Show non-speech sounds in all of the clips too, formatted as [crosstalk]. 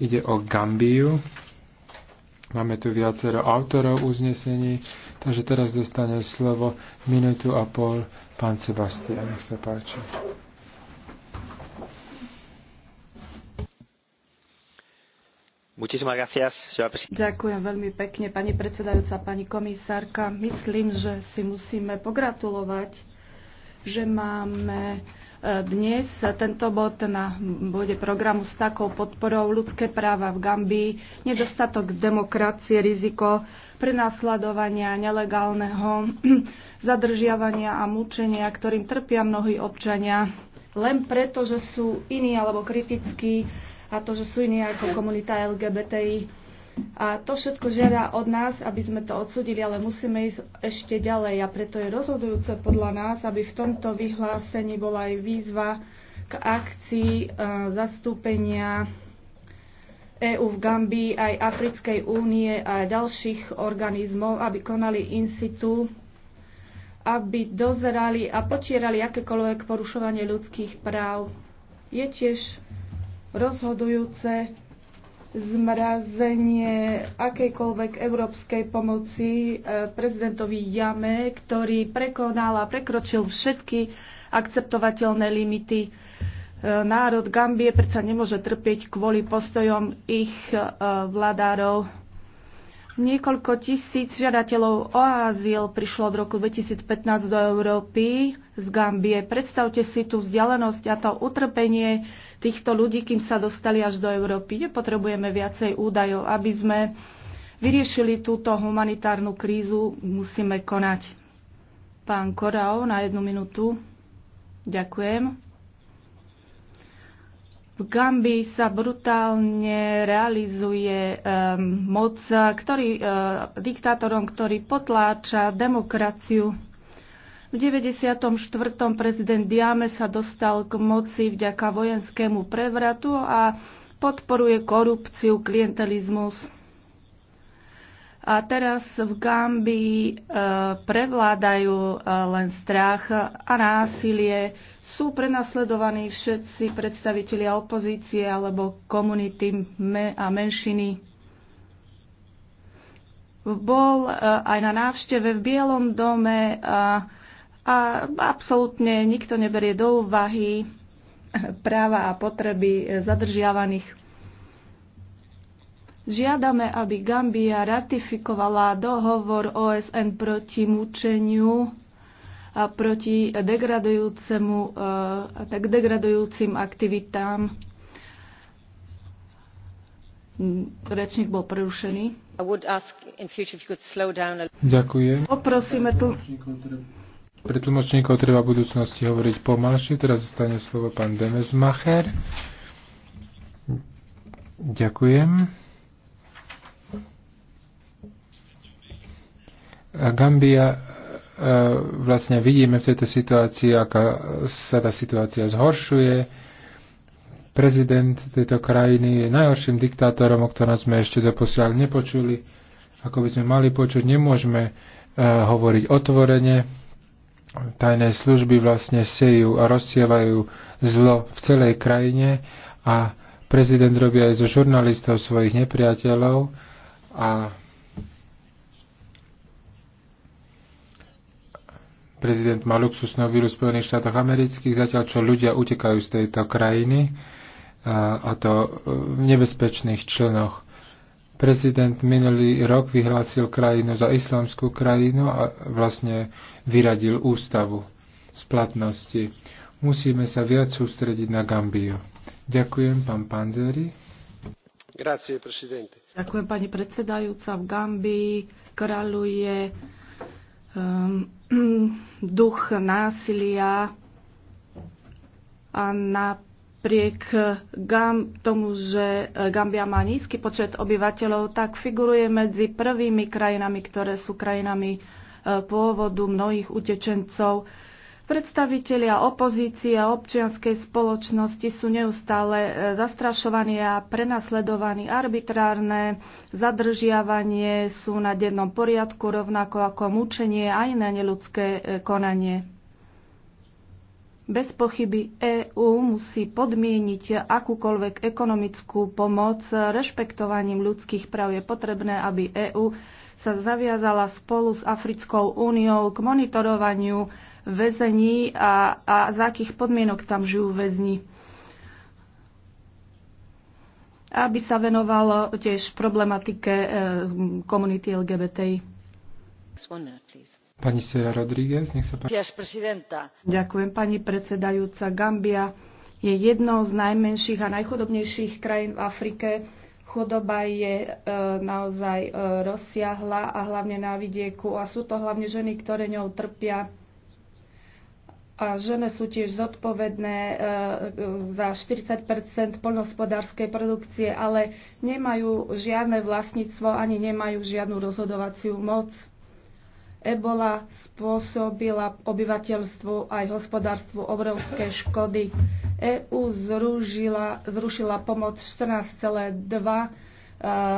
Ide o Gambiu. Máme tu viacero autorov uznesení, takže teraz dostane slovo minútu a pol pán Sebastian. Nech sa páči. Ďakujem veľmi pekne, pani predsedajúca, pani komisárka. Myslím, že si musíme pogratulovať, že máme dnes tento bod na bode programu s takou podporou ľudské práva v Gambii, nedostatok demokracie, riziko prenasledovania nelegálneho [clears throat] zadržiavania a mučenia, ktorým trpia mnohí občania len preto, že sú iní alebo kritickí a to, že sú iní ako komunita LGBTI. A to všetko žiada od nás, aby sme to odsudili, ale musíme ísť ešte ďalej. A preto je rozhodujúce podľa nás, aby v tomto vyhlásení bola aj výzva k akcii e, zastúpenia EÚ v Gambii, aj Africkej únie a ďalších organizmov, aby konali in situ, aby dozerali a potierali akékoľvek porušovanie ľudských práv. Je tiež rozhodujúce, zmrazenie akejkoľvek európskej pomoci e, prezidentovi Jame, ktorý prekonal a prekročil všetky akceptovateľné limity. E, národ Gambie predsa nemôže trpieť kvôli postojom ich e, vladárov Niekoľko tisíc žiadateľov o azyl prišlo v roku 2015 do Európy z Gambie. Predstavte si tú vzdialenosť a to utrpenie týchto ľudí, kým sa dostali až do Európy. Nepotrebujeme viacej údajov. Aby sme vyriešili túto humanitárnu krízu, musíme konať. Pán Korau, na jednu minútu. Ďakujem. V Gambii sa brutálne realizuje um, moc, ktorý, uh, diktátorom, ktorý potláča demokraciu. V 94. prezident Diame sa dostal k moci vďaka vojenskému prevratu a podporuje korupciu, klientelizmus. A teraz v Gambii uh, prevládajú uh, len strach a násilie, sú prenasledovaní všetci predstavitelia opozície alebo komunity a menšiny. Bol e, aj na návšteve v Bielom dome a, e, a absolútne nikto neberie do úvahy práva a potreby zadržiavaných. Žiadame, aby Gambia ratifikovala dohovor OSN proti mučeniu proti degradujúcemu, e, tak degradujúcim aktivitám. Rečník bol prerušený. Ďakujem. Poprosíme tu... Pre tlmočníkov treba v budúcnosti hovoriť pomalšie. Teraz zostane slovo pán Demesmacher. Ďakujem. Gambia E, vlastne vidíme v tejto situácii, aká sa tá situácia zhoršuje. Prezident tejto krajiny je najhorším diktátorom, o ktorom sme ešte doposiaľ nepočuli. Ako by sme mali počuť, nemôžeme uh, hovoriť otvorene. Tajné služby vlastne sejú a rozsievajú zlo v celej krajine a prezident robí aj zo žurnalistov svojich nepriateľov a Prezident má luxusnú víru v Spojených štátoch amerických, zatiaľ čo ľudia utekajú z tejto krajiny, a to v nebezpečných členoch. Prezident minulý rok vyhlásil krajinu za islamskú krajinu a vlastne vyradil ústavu z platnosti. Musíme sa viac sústrediť na Gambiu. Ďakujem, pán Panzeri. Grazie, Ďakujem, pani predsedajúca. V Gambii kráľuje um, [clears throat] duch násilia a napriek Gam, tomu, že Gambia má nízky počet obyvateľov, tak figuruje medzi prvými krajinami, ktoré sú krajinami eh, pôvodu mnohých utečencov. Predstavitelia opozície a občianskej spoločnosti sú neustále e, zastrašovaní a prenasledovaní. Arbitrárne zadržiavanie sú na dennom poriadku, rovnako ako mučenie a iné neludské e, konanie. Bez pochyby EÚ musí podmieniť akúkoľvek ekonomickú pomoc e, rešpektovaním ľudských práv. Je potrebné, aby EÚ sa zaviazala spolu s Africkou úniou k monitorovaniu väzení a, a za akých podmienok tam žijú väzni aby sa venoval tiež problematike eh, komunity LGBTI. Pani Sera Rodríguez, nech sa páči. Ďakujem, pani predsedajúca. Gambia je jednou z najmenších a najchodobnejších krajín v Afrike Chudoba je e, naozaj e, rozsiahla a hlavne na vidieku a sú to hlavne ženy, ktoré ňou trpia. A žene sú tiež zodpovedné e, za 40 poľnohospodárskej produkcie, ale nemajú žiadne vlastníctvo ani nemajú žiadnu rozhodovaciu moc. Ebola spôsobila obyvateľstvu aj hospodárstvu obrovské škody. EÚ zrušila pomoc 14,2 eh,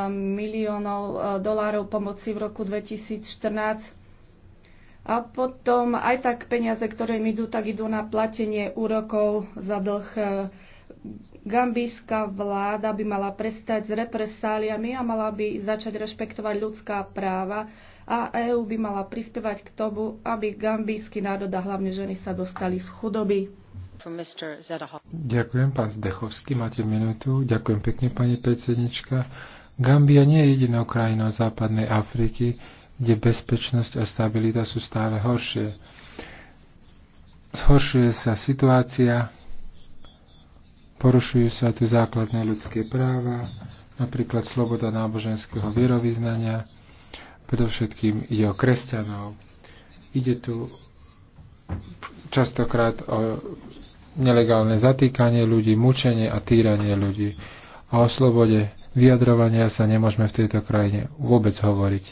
miliónov eh, dolárov pomoci v roku 2014 a potom aj tak peniaze, ktoré im idú, tak idú na platenie úrokov za dlh eh, Gambijská vláda by mala prestať s represáliami a mala by začať rešpektovať ľudská práva a EÚ by mala prispievať k tomu, aby gambijský národ a hlavne ženy sa dostali z chudoby. Ďakujem, pán Zdechovský, máte minútu. Ďakujem pekne, pani predsednička. Gambia nie je jedinou krajinou západnej Afriky, kde bezpečnosť a stabilita sú stále horšie. Zhoršuje sa situácia, Porušujú sa tu základné ľudské práva, napríklad sloboda náboženského vierovýznania, predovšetkým ide o kresťanov. Ide tu častokrát o nelegálne zatýkanie ľudí, mučenie a týranie ľudí. A o slobode vyjadrovania sa nemôžeme v tejto krajine vôbec hovoriť.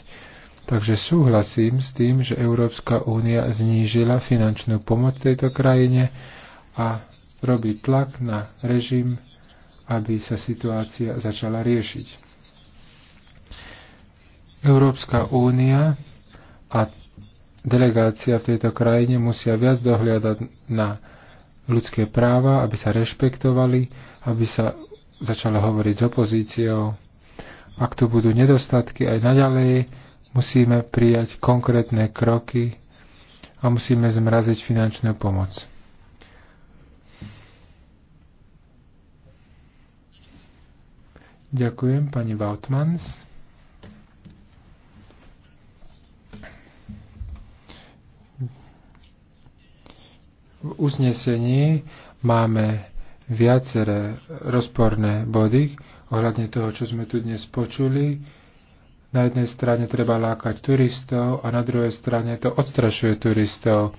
Takže súhlasím s tým, že Európska únia znížila finančnú pomoc tejto krajine a robí tlak na režim, aby sa situácia začala riešiť. Európska únia a delegácia v tejto krajine musia viac dohliadať na ľudské práva, aby sa rešpektovali, aby sa začalo hovoriť s opozíciou. Ak tu budú nedostatky aj naďalej, musíme prijať konkrétne kroky a musíme zmraziť finančnú pomoc. Ďakujem, pani Vautmans. V uznesení máme viaceré rozporné body ohľadne toho, čo sme tu dnes počuli. Na jednej strane treba lákať turistov a na druhej strane to odstrašuje turistov.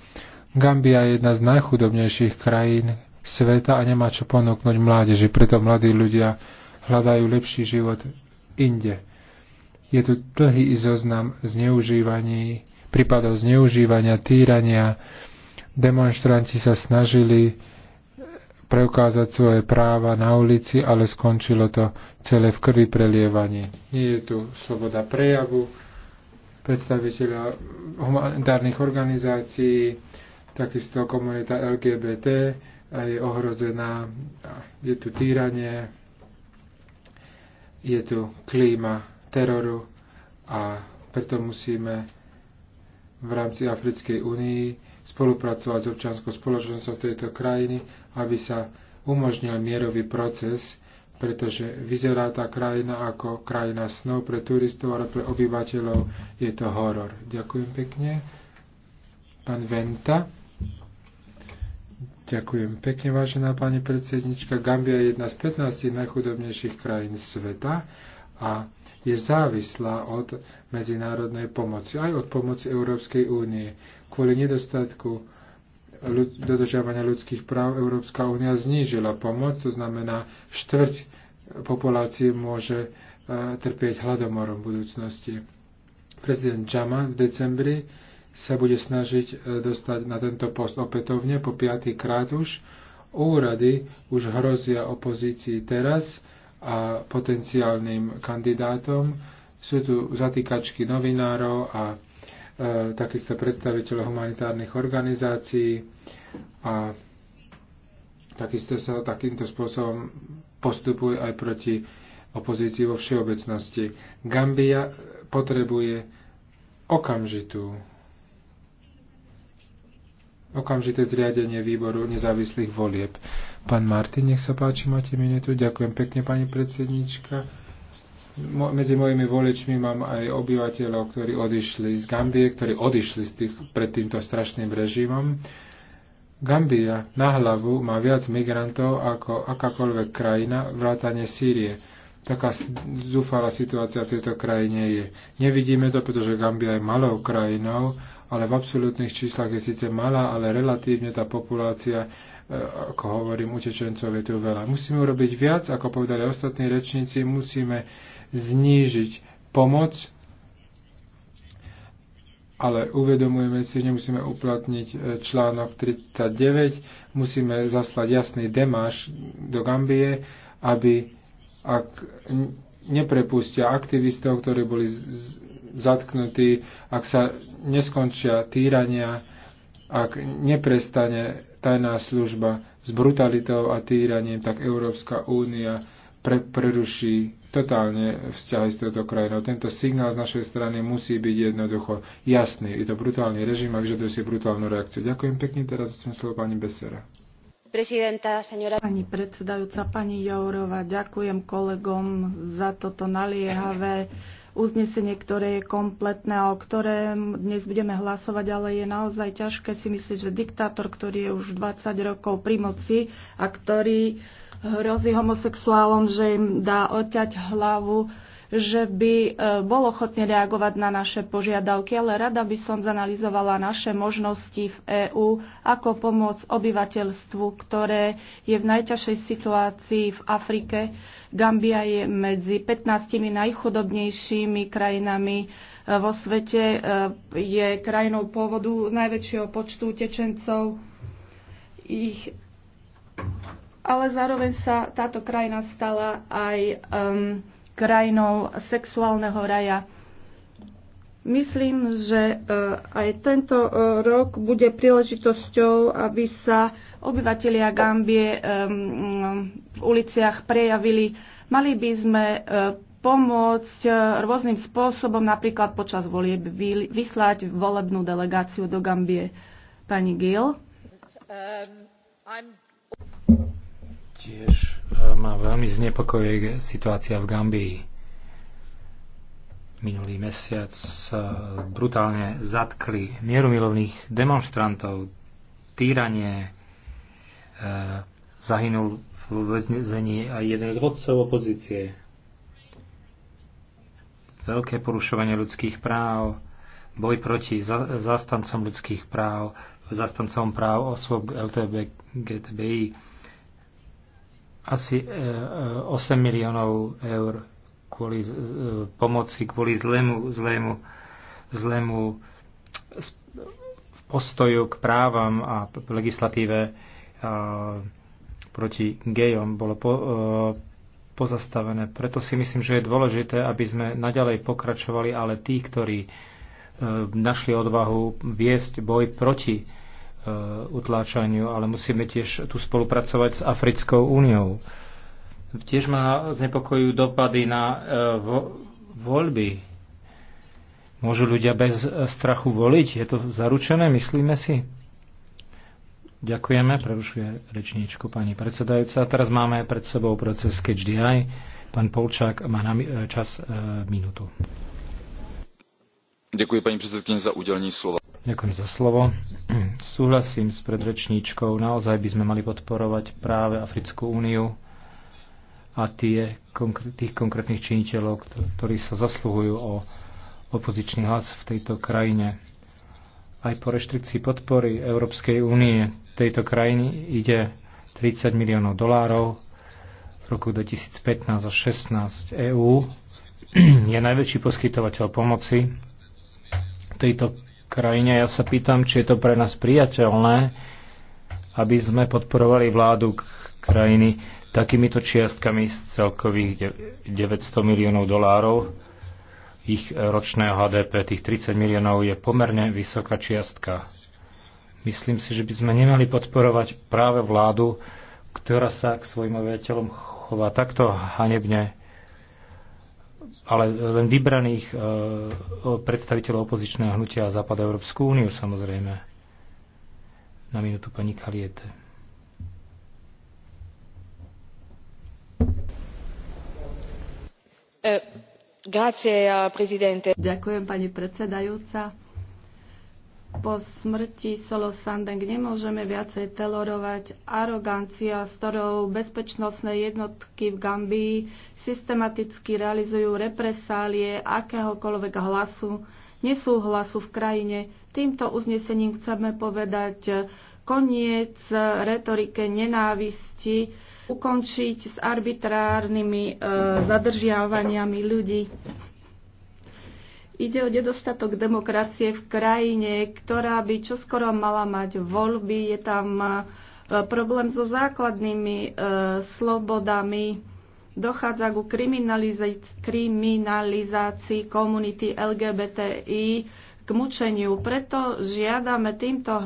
Gambia je jedna z najchudobnejších krajín sveta a nemá čo ponúknuť mládeži, preto mladí ľudia hľadajú lepší život inde. Je tu dlhý zoznam zneužívaní, prípadov zneužívania, týrania. Demonstranti sa snažili preukázať svoje práva na ulici, ale skončilo to celé v krvi prelievaní. Nie je tu sloboda prejavu, predstaviteľa humanitárnych organizácií, takisto komunita LGBT je ohrozená, je tu týranie, je tu klíma teroru a preto musíme v rámci Africkej únii spolupracovať s občanskou spoločnosťou tejto krajiny, aby sa umožnil mierový proces, pretože vyzerá tá krajina ako krajina snov pre turistov, ale pre obyvateľov je to horor. Ďakujem pekne. Pán Venta. Ďakujem pekne, vážená pani predsednička. Gambia je jedna z 15 najchudobnejších krajín sveta a je závislá od medzinárodnej pomoci, aj od pomoci Európskej únie. Kvôli nedostatku ľud- dodržiavania ľudských práv Európska únia znížila pomoc, to znamená štvrť populácie môže e, trpieť hladomorom v budúcnosti. Prezident Jama v decembri sa bude snažiť e, dostať na tento post opätovne po piatý krát už. Úrady už hrozia opozícii teraz a potenciálnym kandidátom. Sú tu zatýkačky novinárov a e, takisto predstaviteľov humanitárnych organizácií a takisto sa takýmto spôsobom postupuje aj proti opozícii vo všeobecnosti. Gambia potrebuje okamžitú okamžité zriadenie výboru nezávislých volieb. Pán Martin, nech sa páči, máte minútu. Ďakujem pekne, pani predsednička. Mo- medzi mojimi voličmi mám aj obyvateľov, ktorí odišli z Gambie, ktorí odišli z tých, pred týmto strašným režimom. Gambia na hlavu má viac migrantov ako akákoľvek krajina vrátane Sýrie taká zúfalá situácia v tejto krajine je. Nevidíme to, pretože Gambia je malou krajinou, ale v absolútnych číslach je síce malá, ale relatívne tá populácia, e, ako hovorím, utečencov je tu veľa. Musíme urobiť viac, ako povedali ostatní rečníci, musíme znížiť pomoc, ale uvedomujeme si, že musíme uplatniť e, článok 39, musíme zaslať jasný demáš do Gambie, aby ak neprepustia aktivistov, ktorí boli zatknutí, ak sa neskončia týrania, ak neprestane tajná služba s brutalitou a týraním, tak Európska únia pre, preruší totálne vzťahy s touto krajinou. Tento signál z našej strany musí byť jednoducho jasný. Je to brutálny režim a vyžaduje si brutálnu reakciu. Ďakujem pekne, teraz chcem slovo pani Besera. Pani predsedajúca, pani Jourová, ďakujem kolegom za toto naliehavé uznesenie, ktoré je kompletné a o ktorém dnes budeme hlasovať, ale je naozaj ťažké si myslieť, že diktátor, ktorý je už 20 rokov pri moci a ktorý hrozí homosexuálom, že im dá oťať hlavu, že by e, bol ochotný reagovať na naše požiadavky, ale rada by som zanalizovala naše možnosti v EÚ, ako pomôcť obyvateľstvu, ktoré je v najťažšej situácii v Afrike. Gambia je medzi 15 najchudobnejšími krajinami e, vo svete, e, je krajinou pôvodu najväčšieho počtu utečencov. Ich ale zároveň sa táto krajina stala aj um, krajinou sexuálneho raja. Myslím, že e, aj tento e, rok bude príležitosťou, aby sa obyvatelia Gambie e, v uliciach prejavili. Mali by sme pomôcť rôznym spôsobom, napríklad počas volieb vyslať volebnú delegáciu do Gambie. Pani Gill. Um, Tiež e, ma veľmi znepokojuje situácia v Gambii. Minulý mesiac e, brutálne zatkli mierumilovných demonstrantov, týranie, e, zahynul v väznení aj jeden z vodcov opozície. Veľké porušovanie ľudských práv, boj proti zastancom ľudských práv, zastancom práv osôb LTBGTBI, asi 8 e, e, miliónov eur kvôli e, pomoci, kvôli zlému, zlému, zlému postoju k právam a legislatíve proti gejom bolo po, pozastavené. Preto si myslím, že je dôležité, aby sme naďalej pokračovali, ale tí, ktorí našli odvahu viesť boj proti Eh, utláčaniu, ale musíme tiež tu spolupracovať s Africkou úniou. Tiež ma znepokojujú dopady na eh, voľby. Môžu ľudia bez eh, strachu voliť? Je to zaručené, myslíme si? Ďakujeme, prerušuje rečníčku pani predsedajúca. Teraz máme pred sebou proces HDI. Pán Polčák má na čas e, minútu. Ďakujem pani predsedkyni za udelení slova Ďakujem za slovo. [clears throat] Súhlasím s predrečníčkou. Naozaj by sme mali podporovať práve Africkú úniu a tie, tých konkrétnych činiteľov, ktorí sa zasluhujú o opozičný hlas v tejto krajine. Aj po reštrikcii podpory Európskej únie tejto krajiny ide 30 miliónov dolárov v roku 2015 až 16 EÚ je najväčší poskytovateľ pomoci tejto krajine. Ja sa pýtam, či je to pre nás priateľné, aby sme podporovali vládu krajiny takýmito čiastkami z celkových 900 miliónov dolárov. Ich ročného HDP, tých 30 miliónov, je pomerne vysoká čiastka. Myslím si, že by sme nemali podporovať práve vládu, ktorá sa k svojim obyvateľom chová takto hanebne ale len vybraných e, predstaviteľov opozičného hnutia Západa Európsku úniu samozrejme. Na minútu pani Kaliete. E, e, Ďakujem, pani predsedajúca. Po smrti Solo Sandeng nemôžeme viacej telorovať arogancia, s ktorou bezpečnostné jednotky v Gambii systematicky realizujú represálie akéhokoľvek hlasu, nesúhlasu v krajine. Týmto uznesením chceme povedať koniec retorike nenávisti, ukončiť s arbitrárnymi e, zadržiavaniami ľudí. Ide o nedostatok demokracie v krajine, ktorá by čoskoro mala mať voľby. Je tam e, problém so základnými e, slobodami dochádza ku kriminalizácii komunity LGBTI, k mučeniu. Preto žiadame týmto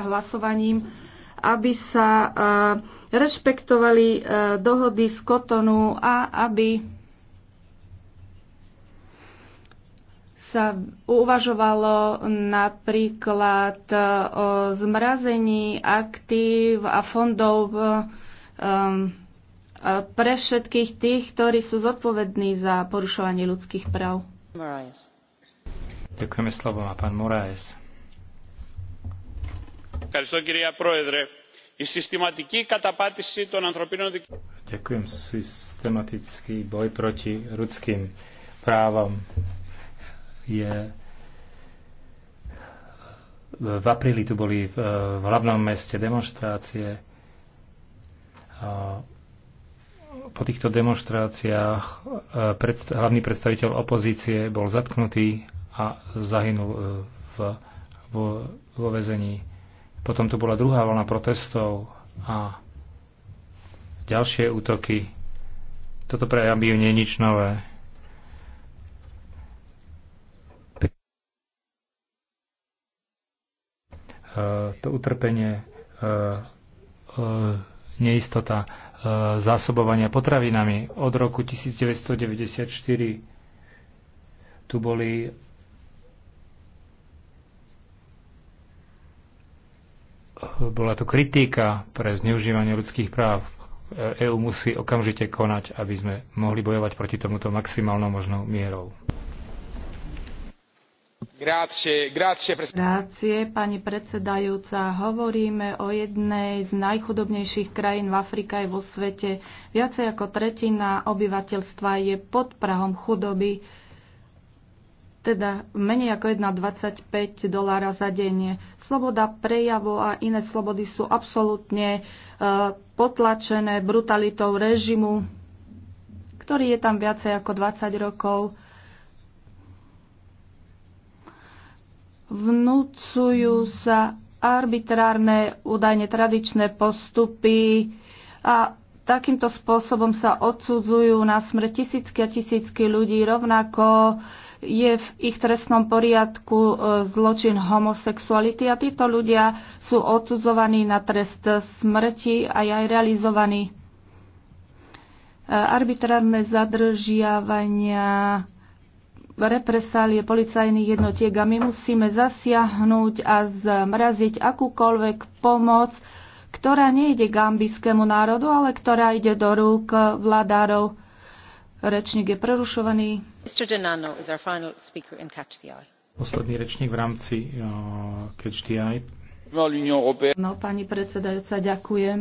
hlasovaním, aby sa eh, rešpektovali eh, dohody z Kotonu a aby sa uvažovalo napríklad eh, o zmrazení aktív a fondov um, E, pre všetkých tých, ktorí sú zodpovední za porušovanie ľudských práv. Ďakujeme slovo a pán Moraes. Ďakujem. Systematický boj proti ľudským právom je v apríli tu boli v hlavnom meste demonstrácie po týchto demonstráciách e, predst- hlavný predstaviteľ opozície bol zatknutý a zahynul v, e, v, vo vezení. Potom tu bola druhá vlna protestov a ďalšie útoky. Toto pre nie je nič nové. E, to utrpenie, neistota E, zásobovania potravinami. Od roku 1994 tu boli bola tu kritika pre zneužívanie ľudských práv. EÚ e musí okamžite konať, aby sme mohli bojovať proti tomuto maximálnou možnou mierou pani predsedajúca. Hovoríme o jednej z najchudobnejších krajín v Afrike aj vo svete. Viacej ako tretina obyvateľstva je pod prahom chudoby, teda menej ako 1,25 dolára za deň. Sloboda prejavu a iné slobody sú absolútne e, potlačené brutalitou režimu, ktorý je tam viacej ako 20 rokov vnúcujú sa arbitrárne, údajne tradičné postupy a takýmto spôsobom sa odsudzujú na smrť tisícky a tisícky ľudí. Rovnako je v ich trestnom poriadku e, zločin homosexuality a títo ľudia sú odsudzovaní na trest smrti a aj realizovaní e, arbitrárne zadržiavania represálie policajných jednotiek a my musíme zasiahnuť a zmraziť akúkoľvek pomoc, ktorá nejde gambijskému národu, ale ktorá ide do rúk vládárov. Rečník je prerušovaný. Posledný rečník v rámci uh, Eye. No, pani predsedajúca, ďakujem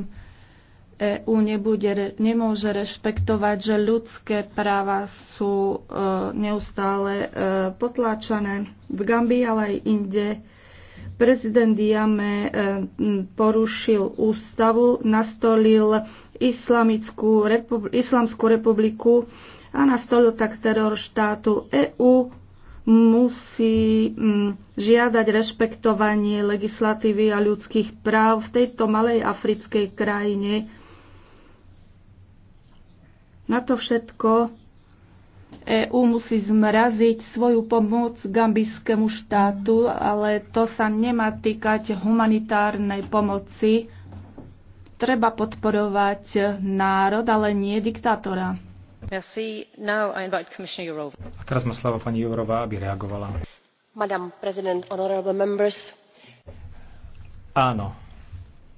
EÚ nebude, nemôže rešpektovať, že ľudské práva sú e, neustále e, potláčané v Gambii, ale aj inde. Prezident Diame e, porušil ústavu, nastolil Islamickú repub- Islamskú republiku a nastolil tak teror štátu EÚ musí mm, žiadať rešpektovanie legislatívy a ľudských práv v tejto malej africkej krajine, na to všetko EÚ musí zmraziť svoju pomoc gambijskému štátu, ale to sa nemá týkať humanitárnej pomoci. Treba podporovať národ, ale nie diktátora. Merci. Now I invite Commissioner Jourova. A teraz má slava pani Jourova, aby reagovala. Madam President, honorable members. Áno,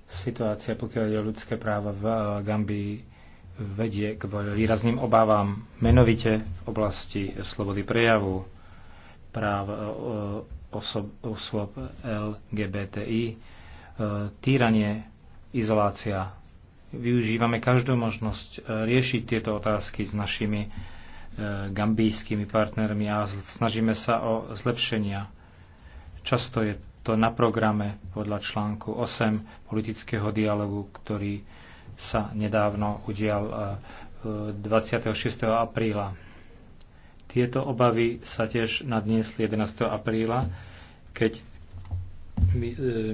situácia, pokiaľ je ľudské práva v Gambii, vedie k výrazným obávam, menovite v oblasti slobody prejavu, práv e, osob, osob LGBTI, e, týranie, izolácia. Využívame každú možnosť e, riešiť tieto otázky s našimi gambijskými partnermi a snažíme sa o zlepšenia. Často je to na programe podľa článku 8 politického dialogu, ktorý sa nedávno udial 26. E, e, apríla. Tieto obavy sa tiež nadniesli 11. apríla, keď e,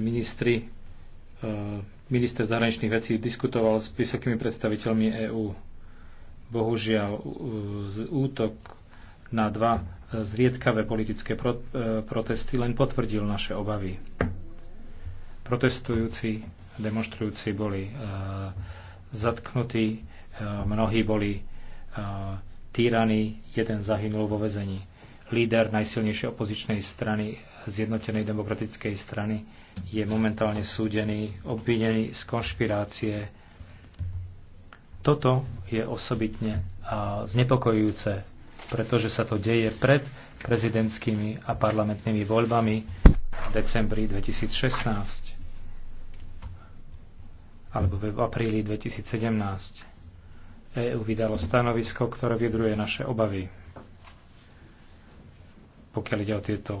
ministri, minister zahraničných vecí diskutoval s vysokými predstaviteľmi EÚ. Bohužiaľ, útok na dva zriedkavé politické protesty len potvrdil naše obavy. Protestujúci demonstrujúci boli e, zatknutí, e, mnohí boli e, týraní, jeden zahynul vo väzení. Líder najsilnejšej opozičnej strany, Zjednotenej demokratickej strany, je momentálne súdený, obvinený z konšpirácie. Toto je osobitne znepokojujúce, pretože sa to deje pred prezidentskými a parlamentnými voľbami v decembri 2016 alebo v apríli 2017. EÚ vydalo stanovisko, ktoré vyjadruje naše obavy, pokiaľ ide o tieto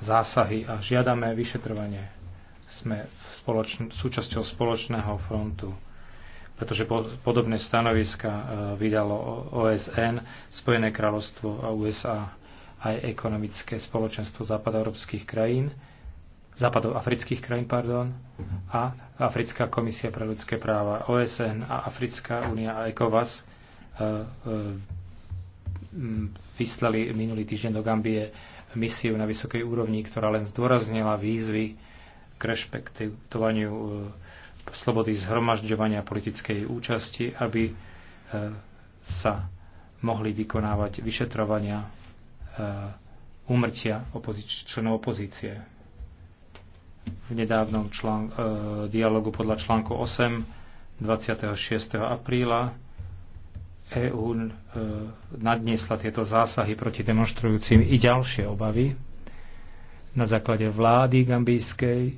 zásahy a žiadame vyšetrovanie. Sme spoločn- súčasťou spoločného frontu, pretože po- podobné stanoviska e, vydalo OSN, Spojené kráľovstvo a USA aj ekonomické spoločenstvo západoeurópskych krajín západoafrických krajín pardon, mhm. a Africká komisia pre ľudské práva, OSN a Africká únia a ECOWAS e, e, vyslali minulý týždeň do Gambie misiu na vysokej úrovni, ktorá len zdôraznila výzvy k rešpektovaniu e, slobody zhromažďovania politickej účasti, aby sa mohli vykonávať vyšetrovania úmrtia opozič- členov opozície v nedávnom člán, e, dialogu podľa článku 8 26. apríla EÚ e, nadniesla tieto zásahy proti demonstrujúcim i ďalšie obavy. Na základe vlády gambijskej e,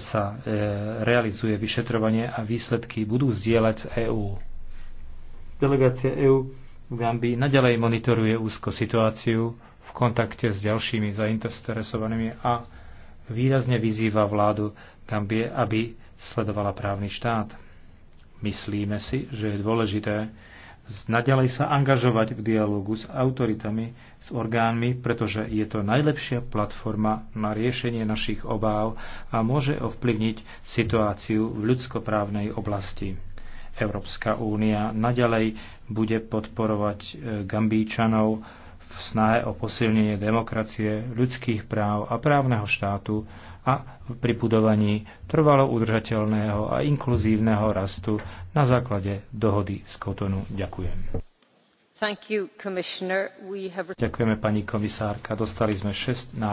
sa e, realizuje vyšetrovanie a výsledky budú zdieľať z EÚ. Delegácia EÚ v Gambii nadalej monitoruje úzko situáciu v kontakte s ďalšími zainteresovanými a výrazne vyzýva vládu Gambie, aby sledovala právny štát. Myslíme si, že je dôležité naďalej sa angažovať v dialogu s autoritami, s orgánmi, pretože je to najlepšia platforma na riešenie našich obáv a môže ovplyvniť situáciu v ľudskoprávnej oblasti. Európska únia naďalej bude podporovať e, Gambíčanov, v snahe o posilnenie demokracie, ľudských práv a právneho štátu a pri budovaní trvalo udržateľného a inkluzívneho rastu na základe dohody z Kotonu. Ďakujem. Ďakujeme pani komisárka. Dostali sme 6 návrhov.